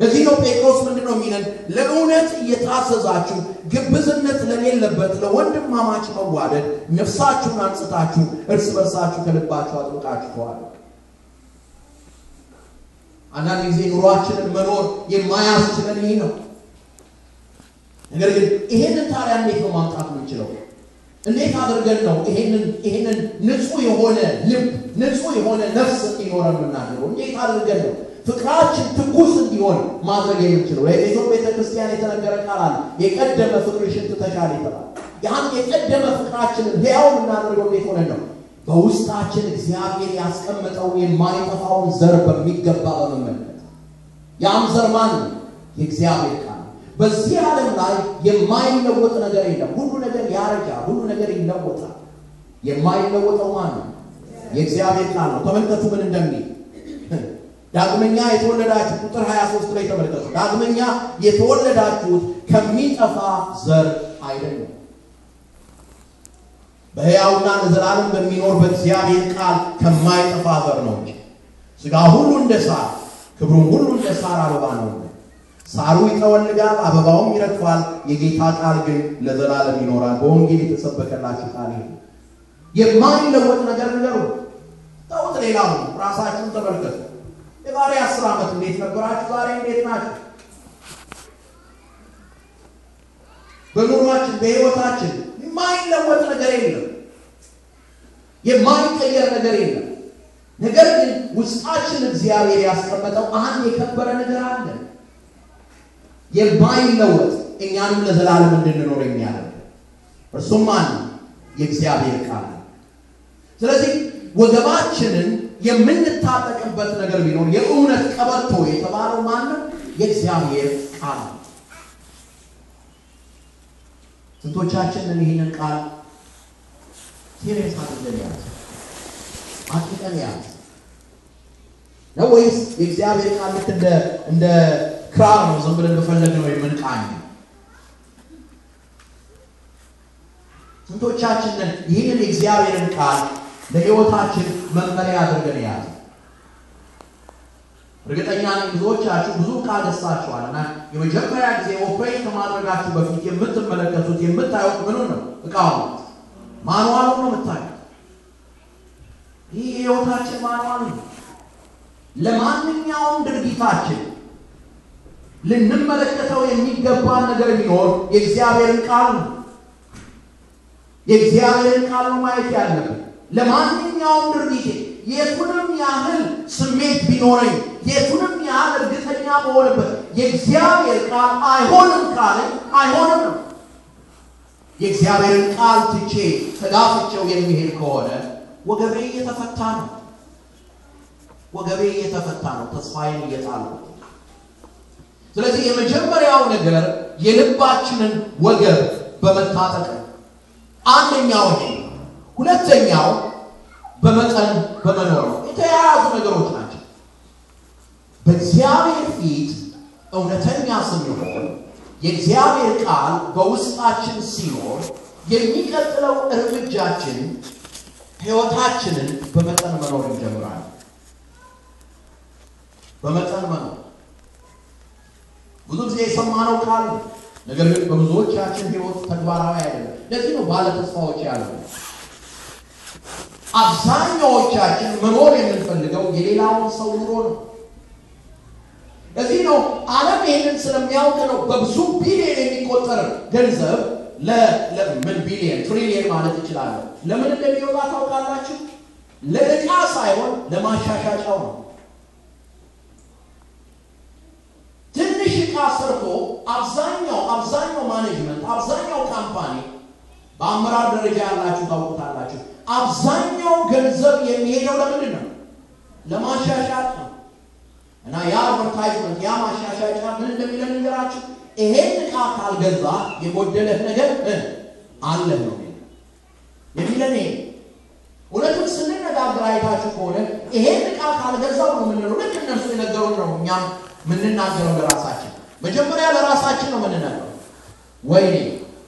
ለዚህ ነው ጴጥሮስ ምንድን ነው የሚለን? ለእውነት እየታዘዛችሁ ግብዝነት ለሌለበት ለወንድማማች መዋደድ ነፍሳችሁን አንጽታችሁ እርስ በርሳችሁ ከልባችሁ አጥብቃችሁ ተዋሉ። አንዳንድ ጊዜ ኑሯችንን መኖር የማያስችለን ይህ ነው። ነገር ግን ይሄንን ታሪያ እንዴት ነው ማምጣት የምንችለው? እንዴት አድርገን ነው ይሄንን ንጹህ የሆነ ልብ ንጹህ የሆነ ነፍስ ይኖረ የምናደርገው? እንዴት አድርገን ነው ፍቅራችን ትኩስ እንዲሆን ማድረግ የምንችለው ለኤፌሶ ቤተክርስቲያን የተነገረ ቃል አለ። የቀደመ ሽንት ተሻለ ይባላል። ያም የቀደመ ፍቅራችንን ሕያው የምናደርገው እንዴት ሆነን ነው? በውስጣችን እግዚአብሔር ያስቀመጠውን የማይጠፋውን ዘር በሚገባ በመመልከት ያም ዘር ማን ነው? የእግዚአብሔር ቃል። በዚህ ዓለም ላይ የማይለወጥ ነገር የለም። ሁሉ ነገር ያረጃ፣ ሁሉ ነገር ይለወጣል። የማይለወጠው ማን ነው? የእግዚአብሔር ቃል ነው። ተመልከቱ ምን እንደሚል ዳግመኛ የተወለዳችሁ ቁጥር 23 ላይ ተመልከቱ። ዳግመኛ የተወለዳችሁት ከሚጠፋ ዘር አይደለም፣ በሕያውና ለዘላለም በሚኖር በእግዚአብሔር ቃል ከማይጠፋ ዘር ነው እንጂ ሥጋ ሁሉ እንደ ሳር፣ ክብሩም ሁሉ እንደ ሳር አበባ ነው። ሳሩ ይጠወልጋል፣ አበባውም ይረግፋል፣ የጌታ ቃል ግን ለዘላለም ይኖራል። በወንጌል የተሰበከላችሁ ቃል የማይለወጥ ነገር ንገሩ። ተውት፣ ሌላው ራሳችሁን ተመልከቱ። የዛሬ አስር ዓመት እንዴት ነበራችሁ? ዛሬ እንዴት ናችሁ? በኑሯችን በህይወታችን የማይለወጥ ነገር የለም፣ የማይቀየር ነገር የለም። ነገር ግን ውስጣችን እግዚአብሔር ያስቀመጠው አንድ የከበረ ነገር አለ፣ የማይለወጥ እኛንም ለዘላለም እንድንኖር የሚያደርግ እርሱም አንድ የእግዚአብሔር ቃል። ስለዚህ ወገባችንን የምንታጠቅበት ነገር ቢኖር የእውነት ቀበቶ የተባለው ማነው? የእግዚአብሔር ቃል። ስንቶቻችንን ይህንን ቃል ሲሪየስ አድርገን ያዝ አጥብቀን ያዝ ነው ወይስ የእግዚአብሔር ቃል ልክ እንደ እንደ ክራር ነው ዝም ብለን በፈለግነው የምንቃኝ? ስንቶቻችንን ይህንን የእግዚአብሔርን ቃል ለህይወታችን መመሪያ አድርገን ያዘ። እርግጠኛ ነኝ ብዙዎቻችሁ ብዙ ዕቃ እና የመጀመሪያ ጊዜ ኦፕሬት ከማድረጋችሁ በፊት የምትመለከቱት የምታዩት ምኑ ነው? ዕቃው ነው። ማንዋሉ ነው የምታዩ ይህ የህይወታችን ማንዋል ነው። ለማንኛውም ድርጊታችን ልንመለከተው የሚገባን ነገር ቢኖር የእግዚአብሔርን ቃል ነው። የእግዚአብሔርን ቃል ነው ማየት ያለብን። ለማንኛውም ድርጊቴ የቱንም ያህል ስሜት ቢኖረኝ የቱንም ያህል እርግጠኛ በሆነበት የእግዚአብሔር ቃል አይሆንም ካለኝ አይሆንም ነው። የእግዚአብሔርን ቃል ትቼ ተጋፍቼው የሚሄድ ከሆነ ወገቤ እየተፈታ ነው። ወገቤ እየተፈታ ነው። ተስፋዬን እየጣሉ ስለዚህ የመጀመሪያው ነገር የልባችንን ወገብ በመታጠቅ አንደኛው ይሄ ሁለተኛው በመጠን በመኖር የተያያዙ ነገሮች ናቸው። በእግዚአብሔር ፊት እውነተኛ ስንሆን የእግዚአብሔር ቃል በውስጣችን ሲኖር የሚቀጥለው እርምጃችን ህይወታችንን በመጠን መኖር እንጀምራለን። በመጠን መኖር ብዙ ጊዜ የሰማነው ቃል ነገር ግን በብዙዎቻችን ህይወት ተግባራዊ አይደለም። ለዚህ ነው ባለተስፋዎች ያለው አብዛኛዎቻችን መኖር የምንፈልገው የሌላውን ሰው ኑሮ ነው። እዚህ ነው አለም ይህንን ስለሚያውቅ ነው በብዙ ቢሊየን የሚቆጠር ገንዘብ ለምን ቢሊየን ትሪሊየን ማለት ይችላለ ለምን እንደሚወጣ ታውቃላችሁ? ለእቃ ሳይሆን ለማሻሻጫው ነው። ትንሽ እቃ ሰርቶ አብዛኛው አብዛኛው ማኔጅመንት አብዛኛው ካምፓኒ በአመራር ደረጃ ያላችሁ ታውቁታል አብዛኛው ገንዘብ የሚሄደው ለምንድን ነው? ለማሻሻል ነው። እና ያ አድቨርታይዝመንት ያ ማሻሻጫ ምን እንደሚለን ንገራችሁ። ይሄን ዕቃ ካልገዛ የጎደለህ ነገር አለ ነው የሚለን ይሄ ሁለቱም ስንነጋገር አይታችሁ ከሆነ ይሄን ዕቃ ካልገዛው ነው የምንለው። ልክ እነርሱ የነገሩን ነው እኛም ምንናገረው ለራሳችን መጀመሪያ ለራሳችን ነው የምንነግረው። ወይኔ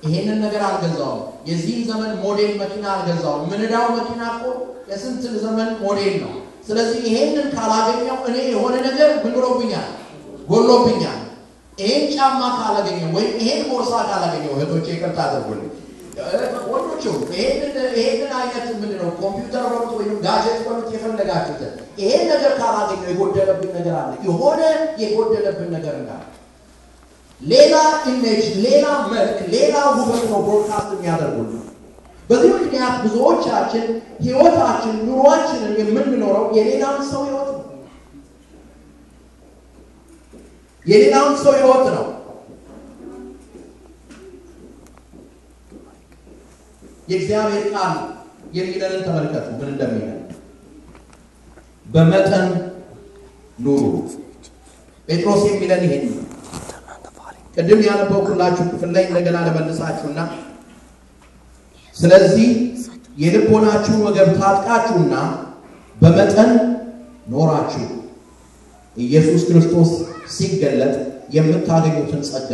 ይሄንን ነገር አልገዛውም። የዚህን ዘመን ሞዴል መኪና አልገዛውም። ምንዳው መኪና እኮ የስንት ዘመን ሞዴል ነው። ስለዚህ ይሄንን ካላገኘው እኔ የሆነ ነገር ብንሮብኛል፣ ጎሎብኛል። ይሄን ጫማ ካላገኘው ወይም ይሄን ቦርሳ ካላገኘው እህቶቼ ይቅርታ አድርጉልኝ፣ ወንዶችም ይሄንን አይነት ምንድነው ኮምፒውተር በሉት ወይም ጋጀት በሉት የፈለጋችሁትን ይሄን ነገር ካላገኘው የጎደለብን ነገር አለ፣ የሆነ የጎደለብን ነገር እንዳለ ሌላ ኢሜጅ፣ ሌላ መልክ፣ ሌላ ውበት ነው ብሮድካስት የሚያደርጉት። በዚህ ምክንያት ብዙዎቻችን ህይወታችን፣ ኑሯችንን የምንኖረው የሌላውን ሰው ህይወት ነው። የሌላውን ሰው ህይወት ነው። የእግዚአብሔር ቃል የሚለንን ተመልከቱ፣ ምን እንደሚለን በመጠን ኑሩ። ጴጥሮስ የሚለን ይሄን ነው ቅድም ያነበብኩላችሁ ክፍል ላይ እንደገና ለመልሳችሁና ስለዚህ የልቦናችሁ ወገብ ታጥቃችሁና በመጠን ኖራችሁ ኢየሱስ ክርስቶስ ሲገለጥ የምታገኙትን ጸጋ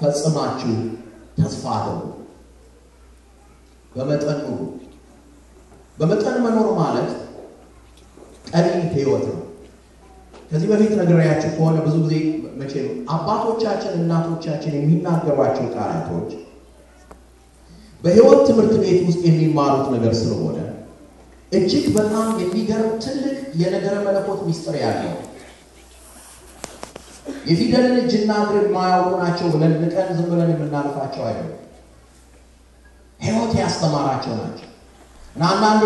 ፈጽማችሁ ተስፋ አድርጉ። በመጠን ኑሩ። በመጠን መኖር ማለት ቀሪ ህይወት ነው። ከዚህ በፊት ነግሬያችሁ ከሆነ ብዙ ጊዜ ነው አባቶቻችን እናቶቻችን የሚናገሯቸው ቃላቶች በህይወት ትምህርት ቤት ውስጥ የሚማሩት ነገር ስለሆነ እጅግ በጣም የሚገርም ትልቅ የነገረ መለኮት ሚስጥር ያለው የፊደልን እጅና እግር የማያውቁ ናቸው ብለን ንቀን ዝም ብለን የምናልፋቸው አይደለም። ህይወት ያስተማራቸው ናቸው እና አንዳንዴ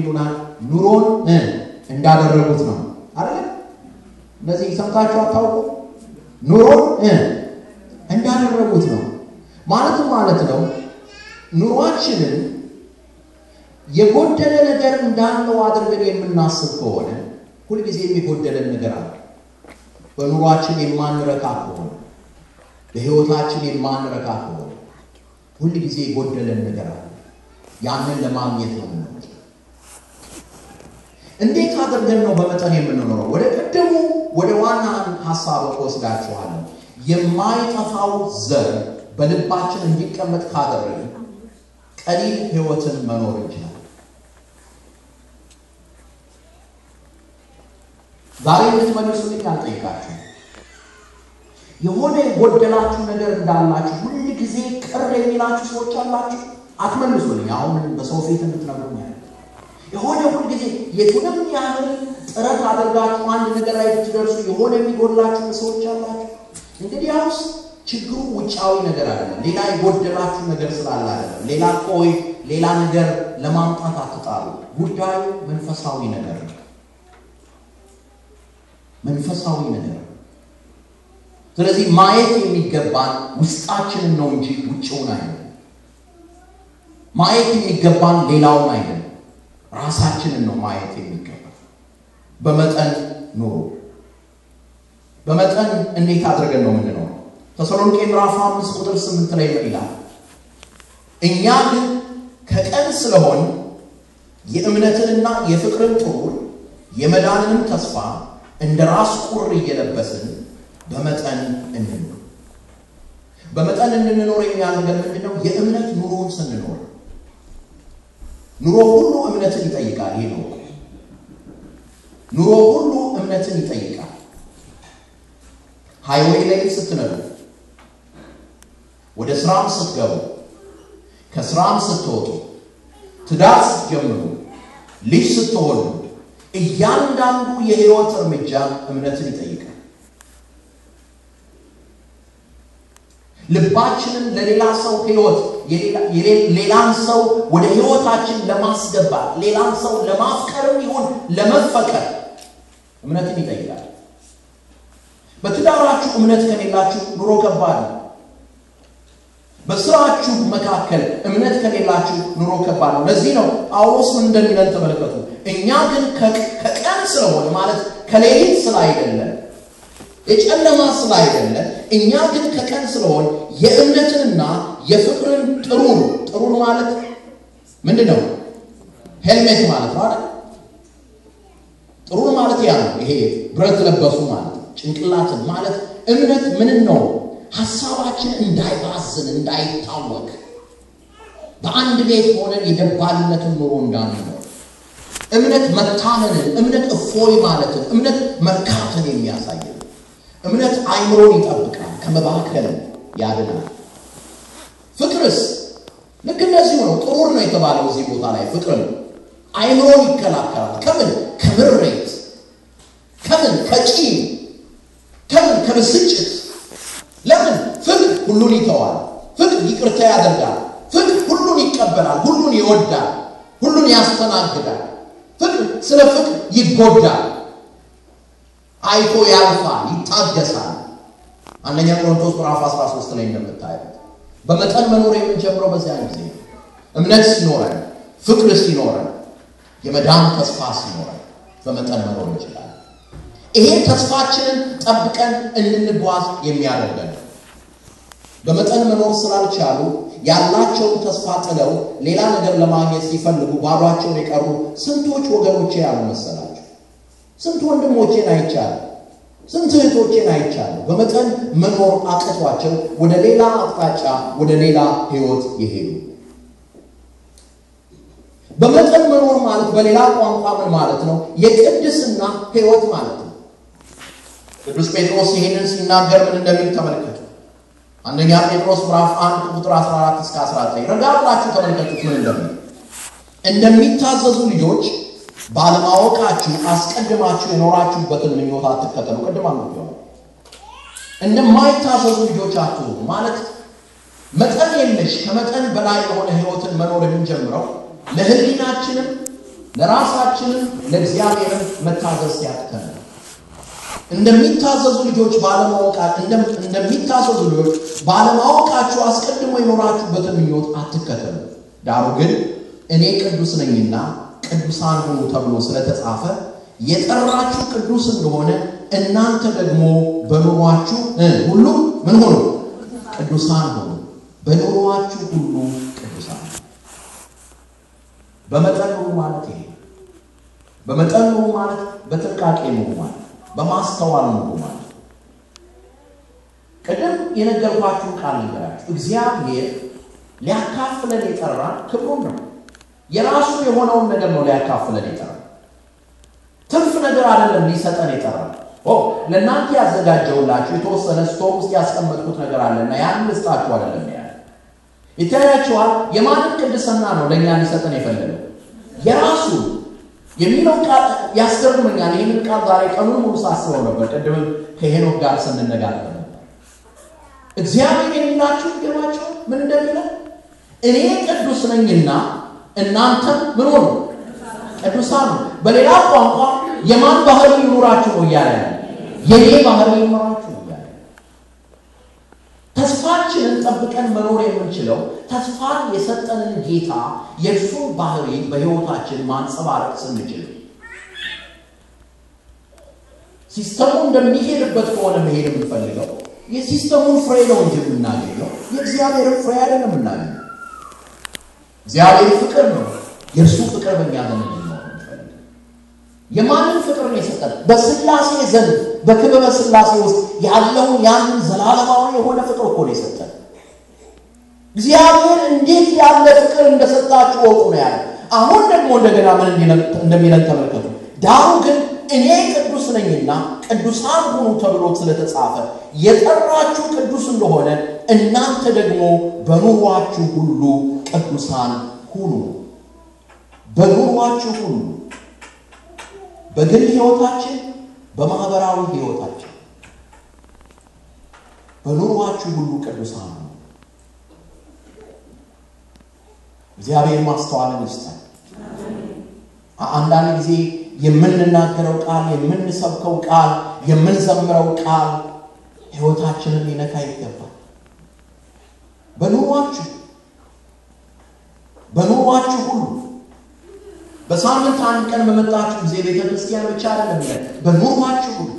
ይሉናል? ኑሮን እንዳደረጉት ነው አለ እነዚህ ሰምታችሁ አታውቁ። ኑሮ እንዳደረጉት ነው ማለትም ማለት ነው። ኑሯችንን የጎደለ ነገር እንዳለው አድርገን የምናስብ ከሆነ ሁልጊዜ የሚጎደለን ነገር አለ። በኑሯችን የማንረካ ከሆነ በህይወታችን የማንረካ ከሆነ ሁልጊዜ የጎደለን ነገር አለ። ያንን ለማግኘት ነው እንዴት አድርገን ነው በመጠን የምንኖረው? ወደ ቀደሙ ወደ ዋና ሀሳብ ወስዳችኋለሁ። የማይጠፋው ዘር በልባችን እንዲቀመጥ ካደረግን ቀሊል ህይወትን መኖር እንችላል። ዛሬ እንድትመልሱልኝ አልጠይቃችሁ። የሆነ የጎደላችሁ ነገር እንዳላችሁ ሁል ጊዜ ቅር የሚላችሁ ሰዎች አላችሁ። አትመልሱልኝ። አሁን በሰው ፊት እንድትነግሩኝ የሆነ ጊዜ የቱንም ያህል ጥረት አድርጋችሁ አንድ ነገር ላይ ብትደርሱ የሆነ የሚጎድላችሁ ሰዎች አላችሁ። እንግዲህ ያውስ ችግሩ ውጫዊ ነገር አይደለም። ሌላ የጎደላችሁ ነገር ስላለ አይደለም። ሌላ ቆይ ሌላ ነገር ለማምጣት አትጣሉ። ጉዳዩ መንፈሳዊ ነገር ነው። መንፈሳዊ ነገር ስለዚህ ማየት የሚገባን ውስጣችንን ነው እንጂ ውጭውን አይደለም። ማየት የሚገባን ሌላውን አይደለም። ራሳችንን ነው ማየት የሚገባ። በመጠን ኑሮ በመጠን እንዴት አድርገን ነው የምንኖረው? ተሰሎንቄ ምራፍ አምስት ቁጥር ስምንት ላይ ይላል? እኛ ግን ከቀን ስለሆን የእምነትንና የፍቅርን ጥሩር የመዳንንም ተስፋ እንደ ራስ ቁር እየለበስን በመጠን እንኖር በመጠን እንድንኖር የሚያደርገን ምንድነው የእምነት ኑሮን ስንኖር ኑሮ ሁሉ እምነትን ይጠይቃል። ይህ ነው። ኑሮ ሁሉ እምነትን ይጠይቃል። ሃይዌይ ላይ ስትነዱ፣ ወደ ስራም ስትገቡ፣ ከስራም ስትወጡ፣ ትዳር ስትጀምሩ፣ ልጅ ስትሆኑ፣ እያንዳንዱ የህይወት እርምጃ እምነትን ይጠይቃል። ልባችንን ለሌላ ሰው ህይወት ሌላን ሰው ወደ ህይወታችን ለማስገባት ሌላን ሰው ለማፍቀርም ይሁን ለመፈቀር እምነትን ይጠይቃል። በትዳራችሁ እምነት ከሌላችሁ ኑሮ ከባድ ነው። በስራችሁ መካከል እምነት ከሌላችሁ ኑሮ ከባድ ነው። ለዚህ ነው ጳውሎስ ምን እንደሚለን ተመለከቱ እኛ ግን ከቀን ስለሆነ ማለት ከሌሊት አይደለም የጨለማ ስም አይደለ እኛ ግን ከቀን ስለሆን የእምነትንና የፍቅርን ጥሩር ጥሩር ማለት ምንድ ነው? ሄልሜት ማለት ነው አይደል? ጥሩር ማለት ያ ነው። ይሄ ብረት ለበሱ ማለት ጭንቅላትን ማለት እምነት ምን ነው? ሀሳባችን እንዳይባዝን እንዳይታወቅ በአንድ ቤት ሆነን የደባልነትን ኑሮ እንዳን ነው እምነት መታመንን፣ እምነት እፎይ ማለትን፣ እምነት መርካትን የሚያሳየ እምነት አእምሮን ይጠብቃል፣ ከመባከል ያድናል። ፍቅርስ ልክ እንደዚሁ ነው። ጥሩር ነው የተባለው እዚህ ቦታ ላይ ፍቅር ነው። አእምሮን ይከላከላል። ከምን ከምሬት፣ ከምን ከጪ ከምን ከብስጭት። ለምን ፍቅር ሁሉን ይተዋል። ፍቅር ይቅርታ ያደርጋል። ፍቅር ሁሉን ይቀበላል፣ ሁሉን ይወዳል፣ ሁሉን ያስተናግዳል። ፍቅር ስለ ፍቅር ይጎዳል። አይቶ ያልፋል፣ ይታገሳል። አንደኛ ቆሮንቶስ ምዕራፍ 13 ላይ እንደምታዩት በመጠን መኖር የምንጀምረው በዚያን ጊዜ እምነት ሲኖረን፣ ፍቅር ሲኖረን፣ የመዳን ተስፋ ሲኖረን በመጠን መኖር እንችላለን። ይሄ ተስፋችንን ጠብቀን እንድንጓዝ የሚያደርገን በመጠን መኖር ስላልቻሉ ያላቸውን ተስፋ ጥለው ሌላ ነገር ለማግኘት ሲፈልጉ ባሏቸውን የቀሩ ስንቶች ወገኖቼ ያሉ መሰላል ስንት ወንድሞቼን አይቻለ? ስንት እህቶቼን አይቻለ በመጠን መኖር አቅቷቸው ወደ ሌላ አቅጣጫ ወደ ሌላ ህይወት የሄዱ በመጠን መኖር ማለት በሌላ ቋንቋ ምን ማለት ነው? የቅድስና ህይወት ማለት ነው። ቅዱስ ጴጥሮስ ይህንን ሲናገር ምን እንደሚል ተመልከቱ። አንደኛ ጴጥሮስ ምዕራፍ 1 ቁጥር 14 እስከ 19 ረጋ ብላችሁ ተመልከቱት ምን እንደሚል እንደሚታዘዙ ልጆች ባለማወቃችሁ አስቀድማችሁ የኖራችሁበትን ምኞት አትከተሉ። ቅድም አንብቤዋለሁ። እንደማይታዘዙ ልጆች አትሁኑ ማለት መጠን የለሽ ከመጠን በላይ የሆነ ህይወትን መኖር የምንጀምረው ለህሊናችንም ለራሳችንም ለእግዚአብሔርን መታዘዝ ሲያቅተን እንደሚታዘዙ ልጆች እንደሚታዘዙ ልጆች ባለማወቃችሁ አስቀድሞ የኖራችሁበትን ምኞት አትከተሉ። ዳሩ ግን እኔ ቅዱስ ነኝና ቅዱሳን ሁኑ ተብሎ ስለተጻፈ የጠራችሁ ቅዱስ እንደሆነ እናንተ ደግሞ በኑሯችሁ ሁሉ ምን ሆኑ? ቅዱሳን ሆኑ። በኑሯችሁ ሁሉ ቅዱሳን በመጠኑ ማለት ይሄ በመጠኑ ማለት በጥንቃቄ ኑሩ ማለት በማስተዋል ኑሩ ማለት ቅድም የነገርኳችሁ ቃል ነገራችሁ እግዚአብሔር ሊያካፍለን የጠራ ክብሩን ነው። የራሱ የሆነውን ነገር ነው ሊያካፍለን የጠራ ትርፍ ነገር አይደለም ሊሰጠን የጠራ ለእናንተ ያዘጋጀውላችሁ የተወሰነ ስቶር ውስጥ ያስቀመጥኩት ነገር አለና ያን ልስጣችሁ አይደለም ያለ ይታያችኋል። የማንም ቅድስና ነው ለእኛ ሊሰጠን የፈለገው የራሱ የሚለው ቃል ያስገርመኛል። ይህንን ቃል ዛሬ ቀኑን ሙሉ ሳስበው ነበር። ቅድምም ከሄኖክ ጋር ስንነጋገር እግዚአብሔር የሚላችሁ ይገባቸው ምን እንደሚለው እኔ ቅዱስ ነኝና እናንተም ምን ሆኑ? ቅዱሳን ነው። በሌላ ቋንቋ የማን ባህሪ ይኑራችሁ ነው እያለ የኔ ባህሪ ይኑራችሁ እያለ ተስፋችንን ጠብቀን መኖር የምንችለው ተስፋን የሰጠንን ጌታ የእርሱን ባህሪ በሕይወታችን ማንጸባረቅ ስንችል ሲስተሙ እንደሚሄድበት ከሆነ መሄድ የምንፈልገው የሲስተሙን ፍሬ ነው እንጂ የምናገኘው የእግዚአብሔርን ፍሬ አይደለም የምናገኘው። እግዚአብሔር ፍቅር ነው። የእርሱ ፍቅር በእኛ ዘንድ ነው። የማንም ፍቅር ነው የሰጠን በስላሴ ዘንድ በክበበ ስላሴ ውስጥ ያለውን ያንን ዘላለማዊ የሆነ ፍቅር እኮ ነው የሰጠን። እግዚአብሔር እንዴት ያለ ፍቅር እንደሰጣችሁ ወቁ ነው ያለ። አሁን ደግሞ እንደገና ምን እንደሚለን ተመልከቱ። ዳሩ ግን እኔ ቅዱስ ነኝና ቅዱሳን ሁኑ ተብሎ ስለተጻፈ የጠራችሁ ቅዱስ እንደሆነ እናንተ ደግሞ በኑሯችሁ ሁሉ ቅዱሳን ሁኑ። በኑሯችሁ ሁኑ። በግል ህይወታችን በማኅበራዊ ህይወታችን በኑሯችሁ ሁሉ ቅዱሳን ሁኑ። እግዚአብሔር ማስተዋልን ይስጠን። አንዳንድ ጊዜ የምንናገረው ቃል፣ የምንሰብከው ቃል፣ የምንዘምረው ቃል ህይወታችንን ሊነካ ይገባል። በኑሯችሁ በኖሯችሁ ሁሉ በሳምንት አንድ ቀን በመጣችሁ ጊዜ ቤተ ክርስቲያን ብቻ አይደለም ብለን በኖሯችሁ ሁሉ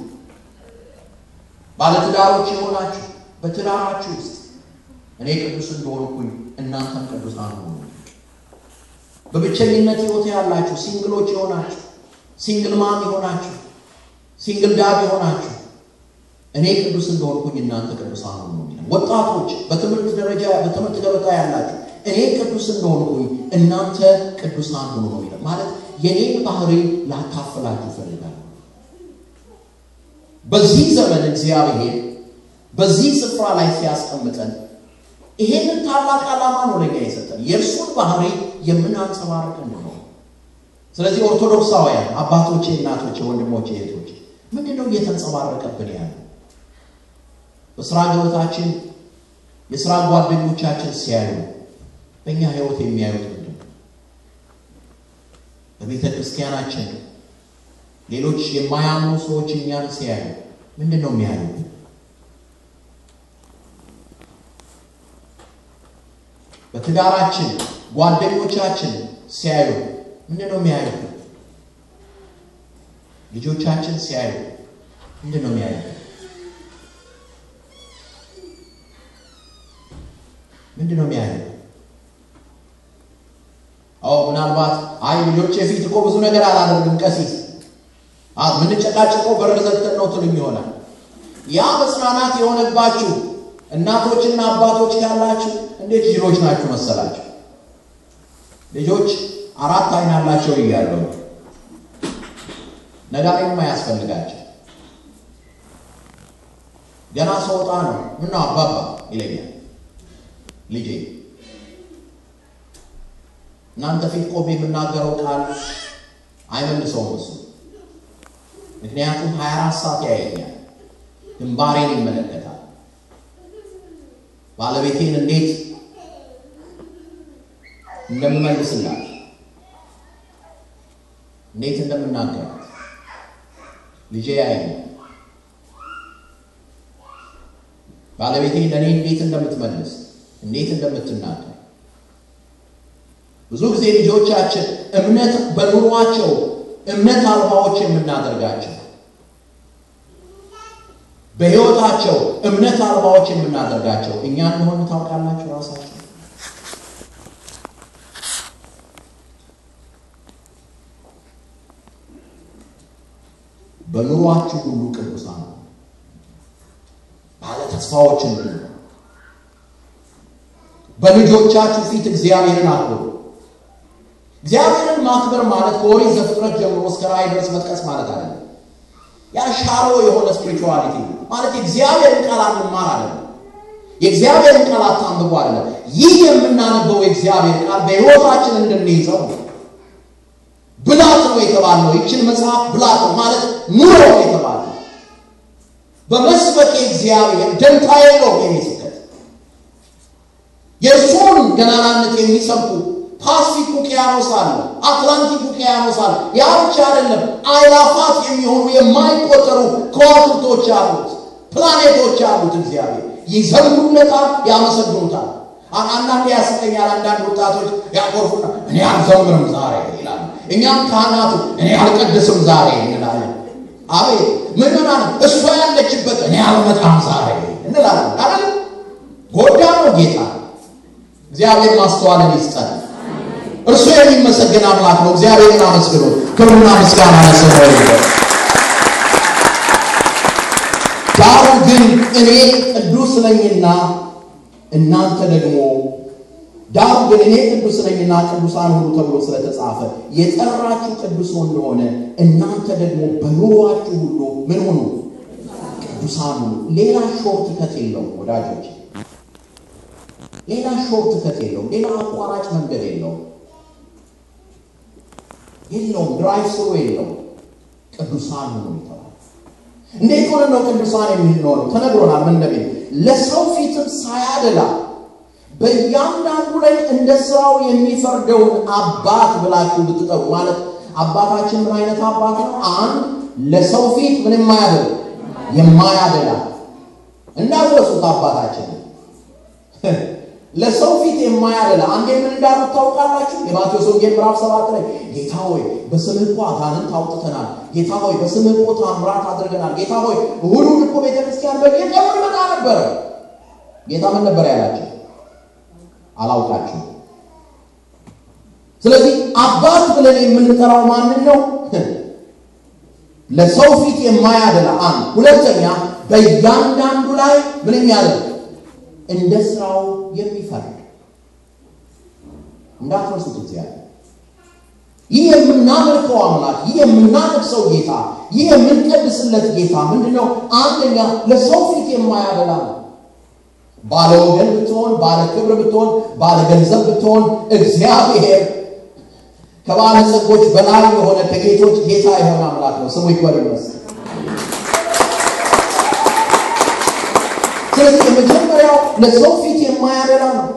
ባለትዳሮች የሆናችሁ በትዳራችሁ ውስጥ እኔ ቅዱስ እንደሆንኩኝ እናንተም ቅዱሳን ሆኑ። በብቸኝነት ህይወት ያላችሁ ሲንግሎች የሆናችሁ ሲንግል ማም የሆናችሁ ሲንግል ዳድ የሆናችሁ እኔ ቅዱስ እንደሆንኩኝ እናንተ ቅዱሳን ሆኑ። ወጣቶች፣ በትምህርት ደረጃ በትምህርት ገበታ ያላችሁ እኔ ቅዱስ እንደሆንኩኝ እናንተ ቅዱሳን ሆኖ ነው ይላል። ማለት የኔን ባህሪ ላካፍላችሁ ይፈልጋል። በዚህ ዘመን እግዚአብሔር በዚህ ስፍራ ላይ ሲያስቀምጠን ይሄንን ታላቅ ዓላማ ነው ለኛ የሰጠን፣ የእርሱን ባህሪ የምናንጸባርቅ እንሆን። ስለዚህ ኦርቶዶክሳውያን አባቶቼ፣ እናቶቼ፣ ወንድሞቼ፣ እህቶቼ ምንድነው እየተንጸባረቀብን ያለ? በስራ ገበታችን የስራ ጓደኞቻችን ሲያዩ በእኛ ህይወት የሚያዩት ምንድ ነው? በቤተ ክርስቲያናችን ሌሎች የማያምኑ ሰዎች እኛን ሲያዩ ምንድን ነው የሚያዩት? በትዳራችን ጓደኞቻችን ሲያዩ ምንድን ነው የሚያዩት? ልጆቻችን ሲያዩ ምንድን ነው የሚያዩት? ምንድን ነው የሚያዩት? አዎ ምናልባት አይ ልጆች የፊት እኮ ብዙ ነገር አላደርግም ቀሲስ ምንጨቃጨቀው በር ዘግተን ነው ትልም ይሆናል። ያ መጽናናት የሆነባችሁ እናቶችና አባቶች ካላችሁ እንዴት ጅሎች ናችሁ መሰላችሁ። ልጆች አራት አይን አላቸው እያለው ነጋሪም ያስፈልጋቸው ገና ሰውጣ ነው ምነው አባባ ይለኛል ልጄ እናንተ ፊት ቆሜ የምናገረው ቃል አይመልሰውም እሱ። ምክንያቱም 24 ሰዓት ያየኛል፣ ግንባሬን ይመለከታል። ባለቤቴን እንዴት እንደምመልስላት፣ እንዴት እንደምናገራት ልጄ ያየ ባለቤቴ ለእኔ እንዴት እንደምትመልስ፣ እንዴት እንደምትናገር ብዙ ጊዜ ልጆቻችን እምነት በኑሯቸው እምነት አልባዎች የምናደርጋቸው በሕይወታቸው እምነት አልባዎች የምናደርጋቸው እኛ እንደሆኑ ታውቃላችሁ ራሳቸው። በኑሯችሁ ሁሉ ነው ባለ ተስፋዎችን በልጆቻችሁ ፊት እግዚአብሔርን አክብሩ። እግዚአብሔርን ማክበር ማለት ከኦሪት ዘፍጥረት ጀምሮ እስከ ራእይ ድረስ መጥቀስ ማለት አይደለም። ያ ሻሮ የሆነ ስፒሪቹዋሊቲ ማለት የእግዚአብሔርን ቃል አንማር አለ የእግዚአብሔርን ቃል አታንብቦ አለ። ይህ የምናነበው የእግዚአብሔር ቃል በህይወታችን እንድንይዘው ብላት ነው የተባለው። ይችን መጽሐፍ ብላት ነው ማለት ኑሮ ነው የተባለ በመስበክ የእግዚአብሔር ደንታዬ ነው የኔ የእሱን ገናናነት የሚሰብኩ ፓሲፊክ ውቅያኖስ አለ፣ አትላንቲክ ውቅያኖስ አለ። ያ ብቻ አይደለም፣ አእላፋት የሚሆኑ የማይቆጠሩ ከዋክብቶች አሉት፣ ፕላኔቶች አሉት። እግዚአብሔር ይዘምሩለታል፣ ያመሰግኑታል። አንዳንድ ያስቀኛል። አንዳንድ ወጣቶች ያቆርፉና እኔ አልዘምርም ዛሬ ይላሉ። እኛም ካህናቱ እኔ አልቀድስም ዛሬ እንላለን። አቤት ምንናን እሷ ያለችበት እኔ አልመጣም ዛሬ እንላለን። አለ ጎዳ ነው ጌታ። እግዚአብሔር ማስተዋልን ይስጠን። እርሱ የሚመሰገን አምላክ ነው። እግዚአብሔርን አመስግኑ። ክብርና ምስጋና ለስሙ ዳሩ ግን እኔ ቅዱስ ነኝና እናንተ ደግሞ ዳሩ ግን እኔ ቅዱስ ነኝና ቅዱሳን ሁሉ ተብሎ ስለተጻፈ የጠራችሁ ቅዱስ እንደሆነ እናንተ ደግሞ በኑሯችሁ ሁሉ ምን ሆኑ? ቅዱሳን ሁኑ። ሌላ ሾርት ከት የለውም ወዳጆች፣ ሌላ ሾርት ከት የለውም። ሌላ አቋራጭ መንገድ የለውም። የለውም። ድራይ ስሩ የለውም። ቅዱሳን ነው ይተዋል። እንዴት ሆነ ነው ቅዱሳን የምንሆነው? ተነግሮናል። ምን ለሰው ፊትም ሳያደላ በእያንዳንዱ ላይ እንደ ስራው የሚፈርደውን አባት ብላችሁ ብትጠሩ ማለት አባታችን ምን አይነት አባት ነው? አንድ ለሰው ፊት ምን የማያደላ የማያደላ እናወሱት አባታችን ለሰው ፊት የማያደላ አንዴ ምን እንዳሉት ታውቃላችሁ? የማቴዎስ ወንጌል ምዕራፍ ሰባት ላይ ጌታ ሆይ በስምህ እኮ አጋንንት ታውጥተናል ጌታ ሆይ በስምህ እኮ ታምራት አድርገናል፣ ጌታ ሆይ ሁሉን እኮ ቤተክርስቲያን በጌታ ሆይ መጣ ነበረ። ጌታ ምን ነበር ያላቸው? አላውቃችሁ። ስለዚህ አባት ብለን የምንጠራው ማንን ነው? ለሰው ፊት የማያደላ አንድ፣ ሁለተኛ በእያንዳንዱ ላይ ምንም ያደርግ እንደ ስራው የሚፈርድ እንዳትረሱት እግዚአብሔር ይህ የምናመልከው አምላክ ይህ የምናነግሰው ጌታ ይህ የምንቀድስለት ጌታ ምንድን ነው? አንደኛ ለሰው ፊት የማያበላ ነው። ባለ ወገን ብትሆን፣ ባለ ክብር ብትሆን፣ ባለ ገንዘብ ብትሆን እግዚአብሔር ከባለጸጎች በላይ የሆነ ከጌቶች ጌታ የሆነ አምላክ ነው። ስሙ ይክበር ይመስል ግን የመጀመሪያው ለሰው ፊት የማያበላ ነው።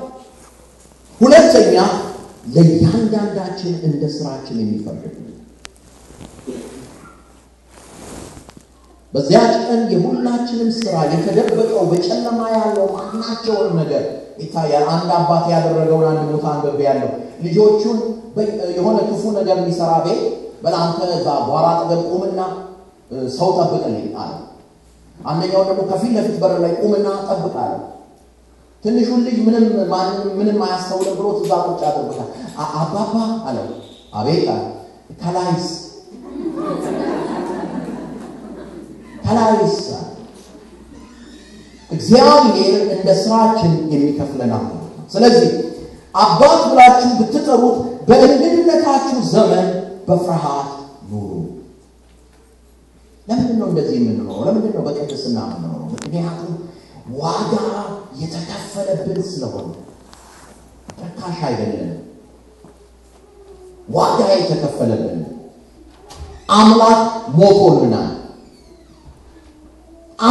ሁለተኛ ለእያንዳንዳችን እንደ ስራችን የሚፈርድ በዚያ ቀን የሁላችንም ስራ የተደበቀው በጨለማ ያለው ማናቸውን ነገር ይታያል። አንድ አባት ያደረገውን አንድ ቦታ አንገብ ያለው ልጆቹን የሆነ ክፉ ነገር የሚሰራ ቤት በላንተ ዛ ቧራ ጥገብ ቁምና ሰው ጠብቅልኝ አለ። አንደኛው ደግሞ ከፊት ለፊት በር ላይ ቁምና ጠብቃለ። ትንሹን ልጅ ምንም ማንም ምንም አያስተውልም ብሎ እዛ ቁጭ አጥብቃል። አባባ አለ። አቤት አለ። ተላይስ እግዚአብሔር እንደ ስራችን የሚከፍለና ስለዚህ አባት ብላችሁ ብትጠሩት በእንግድነታችሁ ዘመን በፍርሃት ለምንድን ነው እንደዚህ የምንሆነው? ለምንድን ነው በቅድስና የምንሆነው? ምክንያቱም ዋጋ የተከፈለብን ስለሆነ፣ ርካሽ አይደለም። ዋጋ የተከፈለብን አምላክ ሞቶልናል።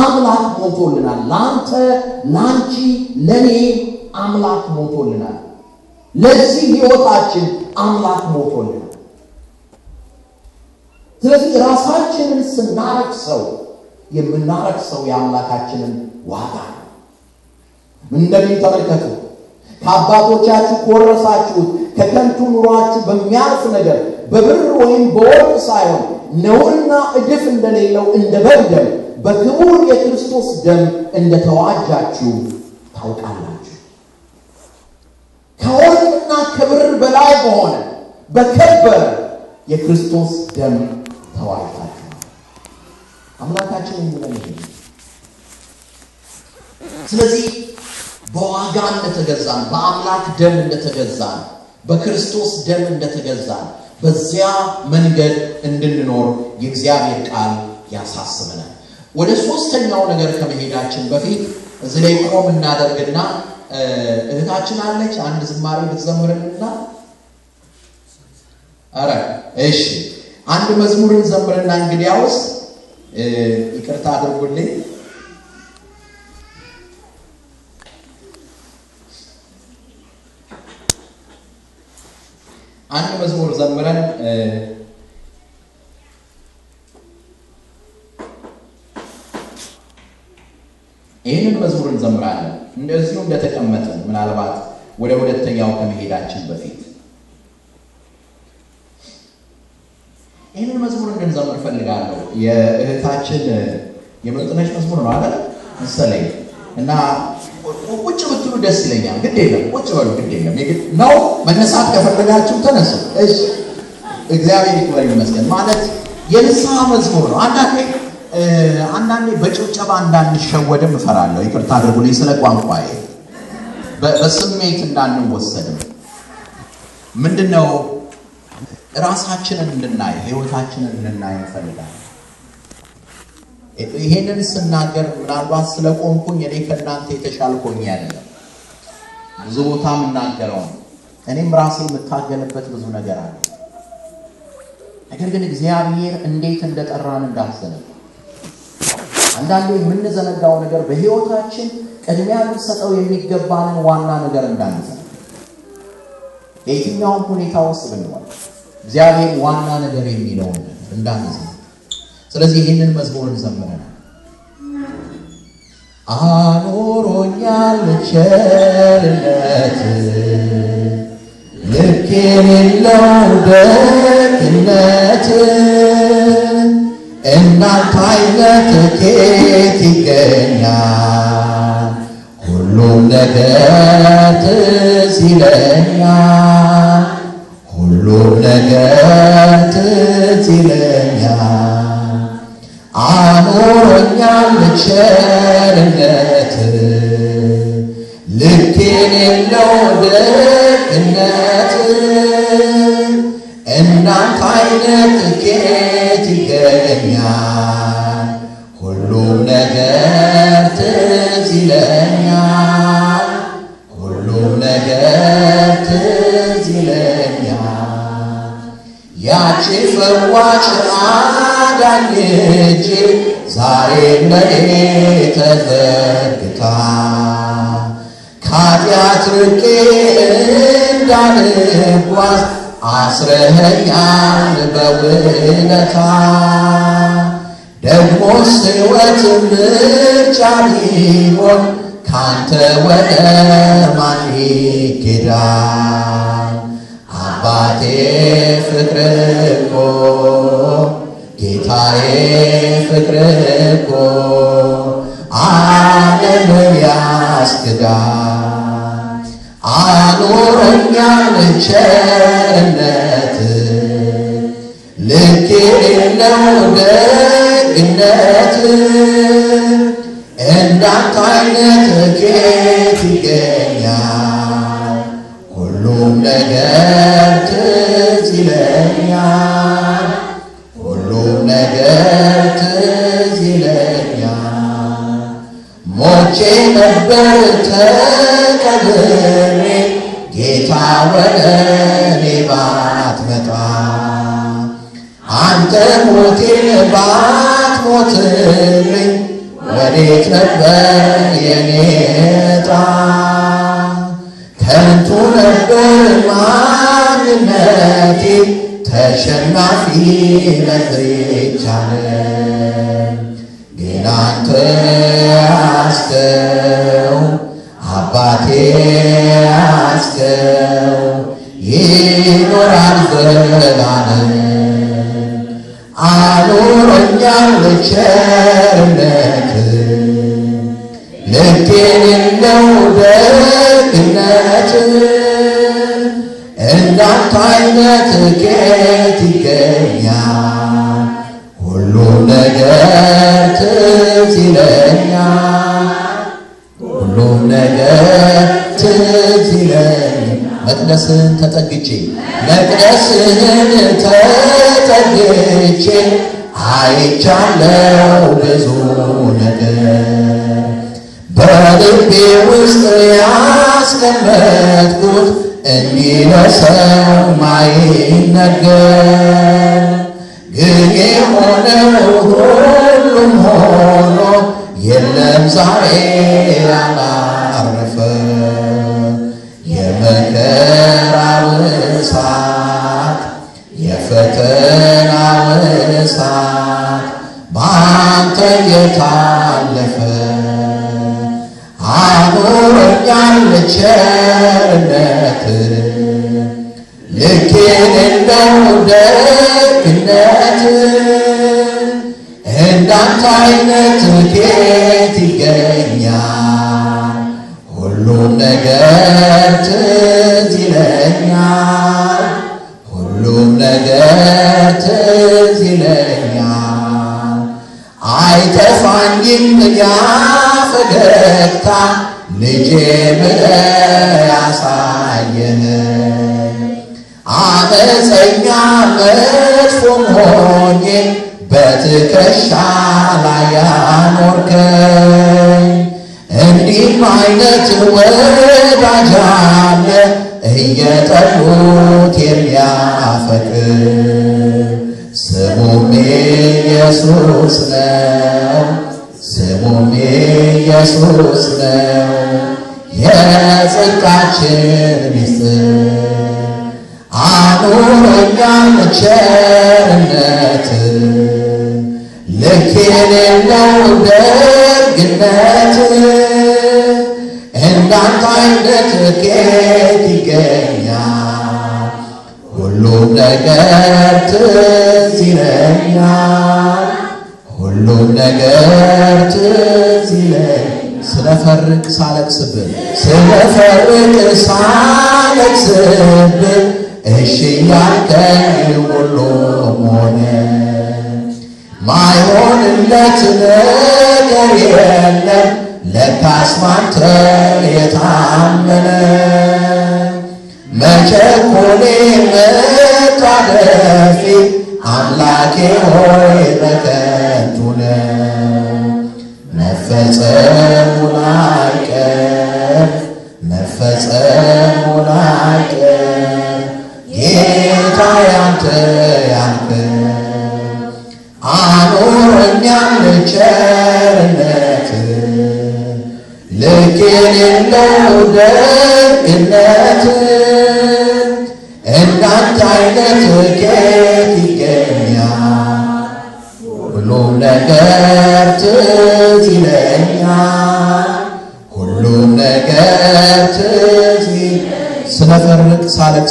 አምላክ ሞቶልናል። ለአንተ፣ ለአንቺ፣ ለእኔ አምላክ ሞቶልናል። ለዚህ ሕይወታችን አምላክ ሞቶልናል። ስለዚህ ራሳችንን ስናረግ ሰው የምናረግ ሰው የአምላካችንን ዋጋ ነው። እንደሚል ተመልከቱ። ከአባቶቻችሁ ከወረሳችሁት ከከንቱ ኑሯችሁ በሚያርፍ ነገር በብር ወይም በወርቅ ሳይሆን ነውና እድፍ እንደሌለው እንደ በግ ደም በክቡር የክርስቶስ ደም እንደተዋጃችሁ ታውቃላችሁ። ከወርቅና ከብር በላይ በሆነ በከበረ የክርስቶስ ደም ተዋይታችሁ አምላካችን የሚለን ይሄ ስለዚህ በዋጋ እንደተገዛን በአምላክ ደም እንደተገዛን በክርስቶስ ደም እንደተገዛን በዚያ መንገድ እንድንኖር የእግዚአብሔር ቃል ያሳስበናል። ወደ ሶስተኛው ነገር ከመሄዳችን በፊት እዚህ ላይ ቆም እናደርግና እህታችን አለች አንድ ዝማሬ ልትዘምርልንና ኧረ እሺ አንድ መዝሙርን ዘምርና እንግዲያውስ ይቅርታ አድርጉልኝ አንድ መዝሙር ዘምረን ይህንን መዝሙር እንዘምራለን እንደዚሁ እንደተቀመጥን ምናልባት ወደ ሁለተኛው ከመሄዳችን በፊት ይህንን መዝሙር እንድንዘምር ፈልጋለሁ። የእህታችን የመጥነሽ መዝሙር ነው አለ መሰለኝ እና ቁጭ ብትሉ ደስ ይለኛል። ግድ የለም ቁጭ በሉ፣ ግድ የለም ነው። መነሳት ከፈለጋችሁ ተነሱ። እሺ፣ እግዚአብሔር ይክበር ይመስገን። ማለት የንስሐ መዝሙር ነው። አንዳንዴ አንዳንዴ በጭብጨባ እንዳንሸወድም እፈራለሁ። ይቅርታ አድርጉልኝ ስለ ቋንቋዬ። በስሜት እንዳንወሰድም ምንድን ነው ራሳችንን እንድናይ ህይወታችንን እንድናይ እንፈልጋል። ይሄንን ስናገር ምናልባት ስለቆምኩኝ እኔ ከእናንተ የተሻልኮኝ አይደለም። ብዙ ቦታ የምናገረው እኔም ራሴ የምታገልበት ብዙ ነገር አለ። ነገር ግን እግዚአብሔር እንዴት እንደጠራን እንዳትዘነጋ። አንዳንዴ የምንዘነጋው ነገር በህይወታችን ቅድሚያ ልንሰጠው የሚገባንን ዋና ነገር እንዳንዘ የትኛውም ሁኔታ ውስጥ ብንሆን እግዚአብሔር ዋና ነገር የሚለውን እንዳንዘ ስለዚህ ይህንን መዝሙር እንዘምረናል። አኖሮኛል ቸርነት ልክ የሌለው ደግነት እናንተ አይነት ኬት ይገኛል ሁሉም ነገር ትዝ ይለኛል ሁሉም ነገር ትዝ ይለኛል። አኖረኛል ቸርነት ልክ የሌለው ደግነት እናንተ አይነት ጌት ይገኛል። ሁሉም ነገር ትዝ ይለኛል ያቺ ፈዋጭ አዳነች ዛሬም በእኔ ተዘርግታ ከኃጢአት ርቄ እንዳልጓዝ አስረኸኛል በውለታ ደግሞ ስወት ምርጫ ቢሆን ካንተ ወደ ማን ይኬዳል? አባቴ ፍቅር እኮ ጌታዬ ፍቅር እኮ ዓለምን ያስክዳል። ቸርነት ልክ የሌለው ደግነት እንዳንተ አይነት ከየት ይገኛል? ሁሉም ነገር ትዝ ይለኛል፣ ሁሉም ነገር ትዝ ይለኛል። ሞቼ ነበር ተቀብሬ ጌታ ወደ እኔ ባትመጣ አንተ ሞቴን ባትሞትልኝ ወዴት ነበር የኔ ዕጣ? ከንቱ ነበር ማንነቴ ተሸናፊ ነግሬቻለሁ ግን አንተ ያስከው አባቴ ያስከው ይኖራል ዘላለም አኖረኛል በቸርነት ልኬ የለው ደግነት እንዳንተ አይነት ከየት ይገኛል? ሁሉም ነገር ትዝ ይለኛል፣ ሁሉም ነገር ትዝ ይለኛል። መቅደስህን ተጠግቼ መቅደስህን ተጠግቼ አይቻለው ብዙ ነገር በልቤ ውስጥ ያስቀመጥኩት እንዲህ ለሰው ማይነገር ግን የሆነው ሁሉም ሆኖ የለም ዛሬ ያላረፈ የመከራ እሳት የፈተና እሳት በአንተ የታለፈ አኑሮኛል ቸርነት ልኬን እንደው ደግነት እንዳንተ አይነት ጌት ይገኛል ሁሉም ነገር ትዝ ይለኛል አንድነያ ፈገግታ ልጄ ብለህ አሳየን። አመፀኛ መጥፎም ሆኜ በትከሻ ላይ ያኖርከኝ እንዲህም አይነት ወዳጅ አለ እየጠሉት የሚያፈቅር ስሙም ኢየሱስ ነው። ስሙም ኢየሱስ ነው የጽድቃችን ምስጢር አኑረኛን ቸርነት ልክ የሌለው ደግነት እንዳንተ አይነት ጌጥ ይገኛል ሁሉም ነገር ትዝ ይለኛል ሁሉም ነገር ትዝ ይለኝ ስለፈርቅ ሳለቅስብን ስለፈርቅ ሳለቅስብን እሺ ያልከኝ ሁሉ ሆነ ማይሆንለት ነገር የለም ለካስ ባንተ የታመነ መቸኮሌ መጣ ደፊ አምላኬ ሆይ በከ ሁለት መፈጸሙን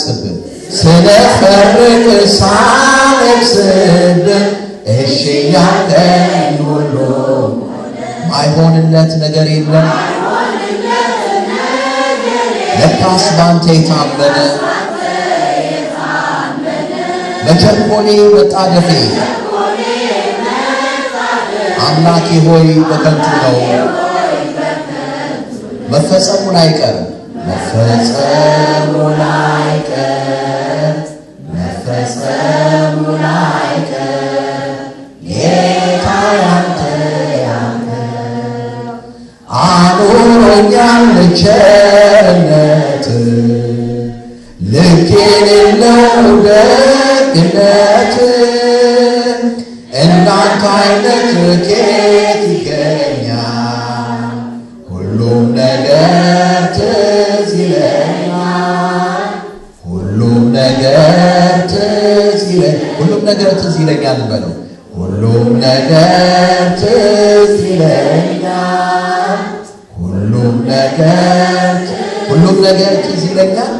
ሳለቅስብህ ስለፈርቅ ሳለቅስብህ እሺ ያልከኝ ሁሉ ማይሆንለት ነገር የለም። ለካስ ባንተ የታመነ በቸኮሌ መጣደፌ አምላኬ ሆይ በከንቱ ነው መፈጸሙን አይቀርም መፈጸሙ ላይቀር መፈጸሙ ላይቀር ጌታ ያንተ ያንተ አኑሮኛል ቸርነት ልክ የሌለው ደግነት እናንተ አይነት ጌ ነገር ትዝ ይለኛል በለው። ሁሉም ነገር ትዝ ይለኛል፣ ሁሉም ነገር ሁሉም ነገር ትዝ ይለኛል